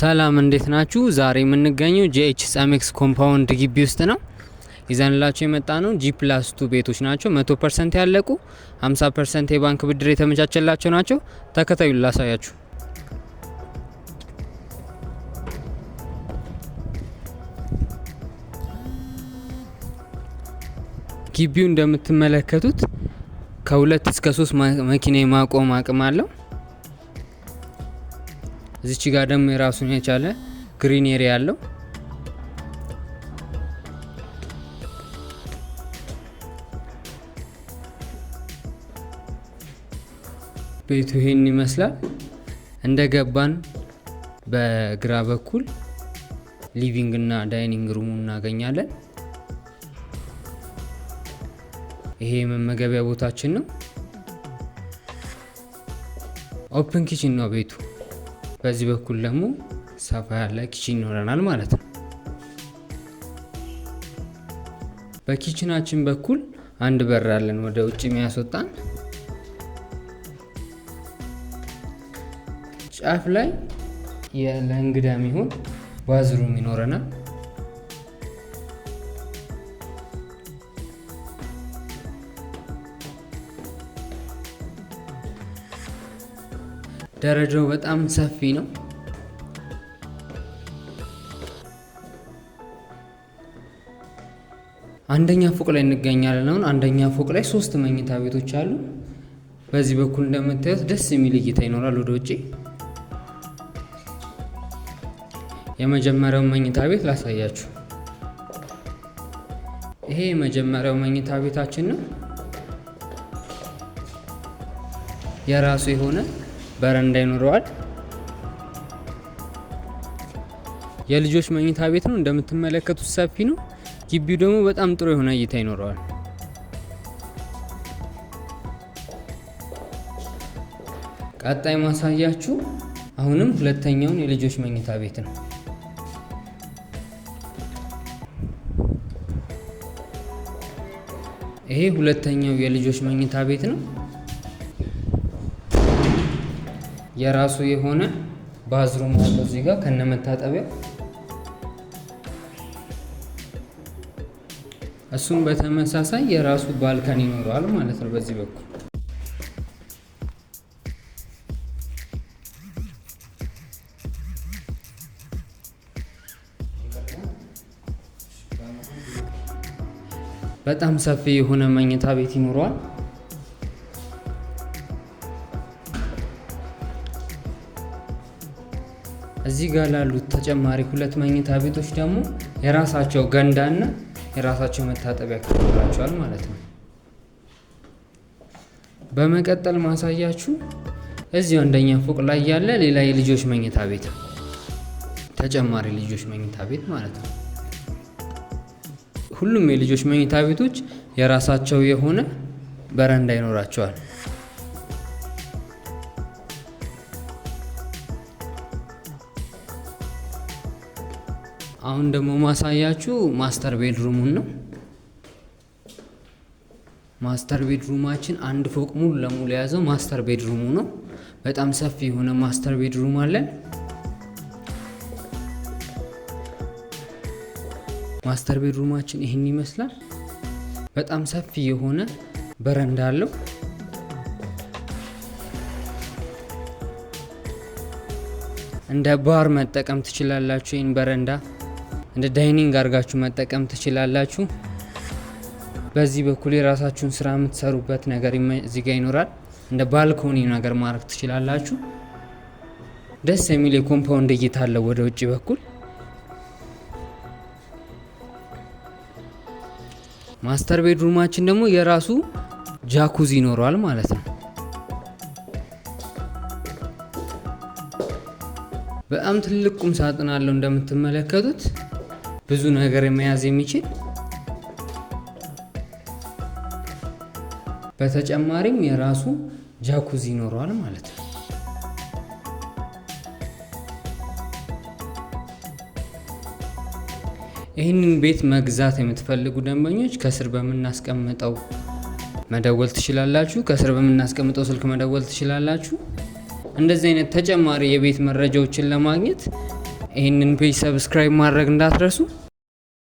ሰላም እንዴት ናችሁ? ዛሬ የምንገኘው ጂኤች ጸሜክስ ኮምፓውንድ ግቢ ውስጥ ነው። ይዘንላቸው የመጣ ነው ጂ ፕላስ ቱ ቤቶች ናቸው። መቶ ፐርሰንት ያለቁ፣ 50 ፐርሰንት የባንክ ብድር የተመቻቸላቸው ናቸው። ተከታዩ ላሳያችሁ። ግቢው እንደምትመለከቱት ከሁለት እስከ ሶስት መኪና የማቆም አቅም አለው። እዚች ጋር ደግሞ የራሱን የቻለ ግሪን ኤሪያ አለው። ቤቱ ይህን ይመስላል። እንደ ገባን በግራ በኩል ሊቪንግ እና ዳይኒንግ ሩሙ እናገኛለን። ይሄ የመመገቢያ ቦታችን ነው። ኦፕን ኪችን ነው ቤቱ። በዚህ በኩል ደግሞ ሰፋ ያለ ኪችን ይኖረናል ማለት ነው። በኪችናችን በኩል አንድ በር አለን ወደ ውጭ የሚያስወጣን። ጫፍ ላይ ለእንግዳ የሚሆን ባዝሩም ይኖረናል። ደረጃው በጣም ሰፊ ነው። አንደኛ ፎቅ ላይ እንገኛለን። አሁን አንደኛ ፎቅ ላይ ሶስት መኝታ ቤቶች አሉ። በዚህ በኩል እንደምታዩት ደስ የሚል እይታ ይኖራል ወደ ውጭ። የመጀመሪያው መኝታ ቤት ላሳያችሁ። ይሄ የመጀመሪያው መኝታ ቤታችን ነው። የራሱ የሆነ በረንዳ ይኖረዋል። የልጆች መኝታ ቤት ነው እንደምትመለከቱት፣ ሰፊ ነው። ግቢው ደግሞ በጣም ጥሩ የሆነ እይታ ይኖረዋል። ቀጣይ ማሳያችሁ አሁንም ሁለተኛውን የልጆች መኝታ ቤት ነው። ይሄ ሁለተኛው የልጆች መኝታ ቤት ነው። የራሱ የሆነ ባዝሩም አለው እዚህ ጋር ከነመታጠቢያ እሱም በተመሳሳይ የራሱ ባልከን ይኖረዋል ማለት ነው። በዚህ በኩል በጣም ሰፊ የሆነ መኝታ ቤት ይኖረዋል። እዚህ ጋር ላሉት ተጨማሪ ሁለት መኝታ ቤቶች ደግሞ የራሳቸው ገንዳና የራሳቸው መታጠቢያ ክፍላቸዋል ማለት ነው። በመቀጠል ማሳያችሁ እዚሁ አንደኛ ፎቅ ላይ ያለ ሌላ የልጆች መኝታ ቤት ተጨማሪ ልጆች መኝታ ቤት ማለት ነው። ሁሉም የልጆች መኝታ ቤቶች የራሳቸው የሆነ በረንዳ ይኖራቸዋል። አሁን ደግሞ ማሳያችሁ ማስተር ቤድሩሙን ነው። ማስተር ቤድሩማችን አንድ ፎቅ ሙሉ ለሙሉ የያዘው ማስተር ቤድሩሙ ነው። በጣም ሰፊ የሆነ ማስተር ቤድሩም አለን። ማስተር ቤድሩማችን ይህን ይመስላል። በጣም ሰፊ የሆነ በረንዳ አለው። እንደ ባር መጠቀም ትችላላችሁ ይህን በረንዳ እንደ ዳይኒንግ አድርጋችሁ መጠቀም ትችላላችሁ። በዚህ በኩል የራሳችሁን ስራ የምትሰሩበት ነገር እዚህ ጋር ይኖራል። እንደ ባልኮኒ ነገር ማድረግ ትችላላችሁ። ደስ የሚል የኮምፓውንድ እይታ አለው ወደ ውጭ በኩል ማስተር ቤድሩማችን ደግሞ የራሱ ጃኩዚ ይኖረዋል ማለት ነው። በጣም ትልቅ ቁም ሳጥን አለው እንደምትመለከቱት። ብዙ ነገር መያዝ የሚችል በተጨማሪም የራሱ ጃኩዚ ይኖረዋል ማለት ነው። ይህንን ቤት መግዛት የምትፈልጉ ደንበኞች ከስር በምናስቀምጠው መደወል ትችላላችሁ። ከስር በምናስቀምጠው ስልክ መደወል ትችላላችሁ። እንደዚህ አይነት ተጨማሪ የቤት መረጃዎችን ለማግኘት ይህንን ፔጅ ሰብስክራይብ ማድረግ እንዳትረሱ።